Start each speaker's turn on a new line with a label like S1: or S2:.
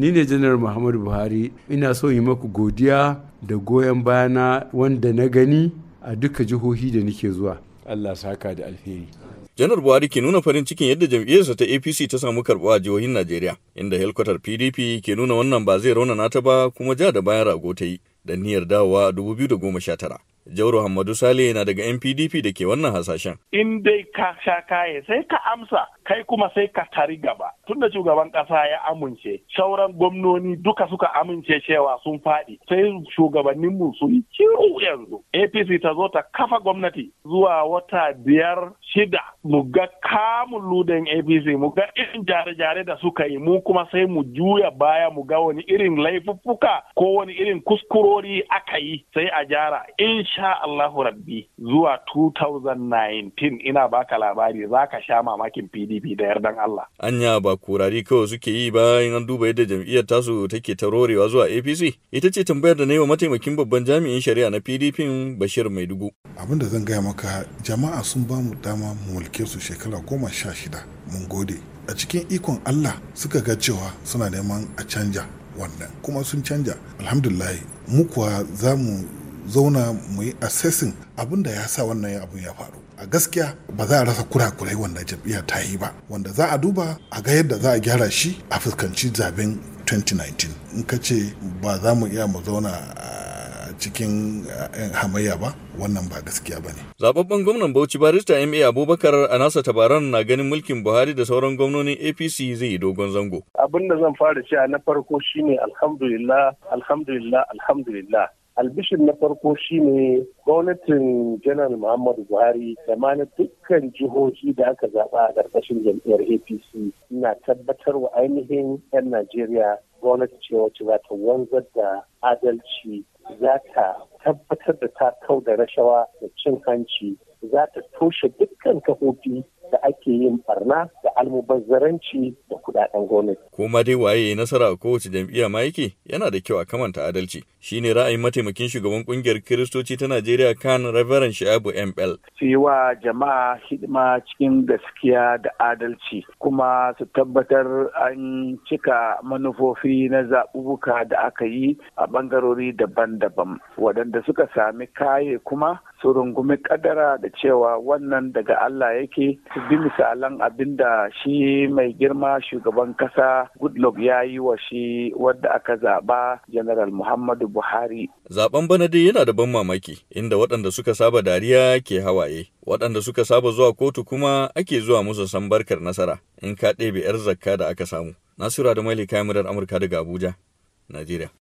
S1: ni ne janar muhammadu buhari ina so yi maku godiya da goyon bayana wanda na gani a duka jihohi da nike zuwa
S2: allah saka da alheri janar buhari ke nuna farin cikin yadda jam'iyyarsa ta apc ta samu karɓuwa a jihohin najeriya inda helkwatar pdp ke nuna wannan ba zai raunana ta ba kuma ja da bayan rago ta yi da niyyar dawowa a tara, Jauro Hamadu Sale na daga NPDP da ke wannan hasashen.
S1: In dai ka sha kaye sai ka amsa kai kuma sai ka tari gaba tunda shugaban kasa ya amince sauran gwamnoni duka suka amince cewa sun faɗi sai shugabannin mu sun kiru yanzu apc ta zo ta kafa gwamnati zuwa wata biyar shida mu ga kamun ludan apc mu ga irin jare-jare da suka yi mu kuma sai mu juya baya mu ga wani irin laifuffuka ko wani irin kuskurori aka yi sai a jara insha Allahu rabbi zuwa 2019 ina baka labari za ka sha mamakin pdp PDP da yardan Allah.
S2: Anya ba kurari kawai suke yi bayan an duba yadda jam'iyyar tasu take ta rorewa zuwa APC. Ita ce tambayar da na yi wa mataimakin babban jami'in shari'a na PDP Bashir Maidugu.
S3: Abin da zan gaya maka jama'a sun ba mu dama mu mulke su shekara goma sha shida mun gode. A cikin ikon Allah suka ga cewa suna neman a canja wannan kuma sun canja alhamdulillah mu kuwa za mu zauna mu yi assessing abin da ya sa wannan abun ya faru a gaskiya ba za a rasa kurakurai wanda jam'iyya ta yi ba wanda za a duba a ga yadda za a gyara shi a fuskanci zaben 2019 in ka ce ba za mu iya mu zauna cikin eh, hamayya ba wannan ba gaskiya ba ne.
S2: Zababben gwamnan Bauchi barista MA Abubakar a nasa tabaran na ganin mulkin Buhari da sauran gwamnonin APC zai yi dogon zango.
S1: Abin da zan fara cewa na
S4: farko shine alhamdulillah alhamdulillah alhamdulillah albishin na farko shine gwamnatin janar muhammadu buhari da ma na dukkan jihohi da aka zaɓa a ƙarƙashin jam'iyyar apc na tabbatar wa ainihin 'yan najeriya gwamnati ce wacce za ta wanzar da adalci za ta tabbatar da ta kau da rashawa da cin hanci za ta toshe dukkan kafofi da ake yin barna da almubazzaranci kudaden gwamnati.
S2: Kuma dai waye nasara a kowace jam'iyya ma yake yana da kyau a kamanta adalci. Shi ne ra'ayin mataimakin shugaban kungiyar Kiristoci ta Najeriya kan Reverend Shabu ML.
S4: Su yi wa jama'a hidima cikin gaskiya da adalci kuma su tabbatar an cika manufofi na zaɓuɓɓuka da aka yi a ɓangarori daban-daban waɗanda suka sami kaye kuma su rungumi kadara da cewa wannan daga Allah yake su bi misalan abin da shi mai girma shugaban kasa goodluck ya yi wa shi wadda aka zaba general muhammadu buhari
S2: zaben bana yana da ban mamaki inda waɗanda suka saba dariya ke hawaye waɗanda suka saba zuwa kotu kuma ake zuwa musu san barkar nasara in ka ɗebe 'yar zakka da aka samu nasura da maili kamarar amurka daga abuja najeriya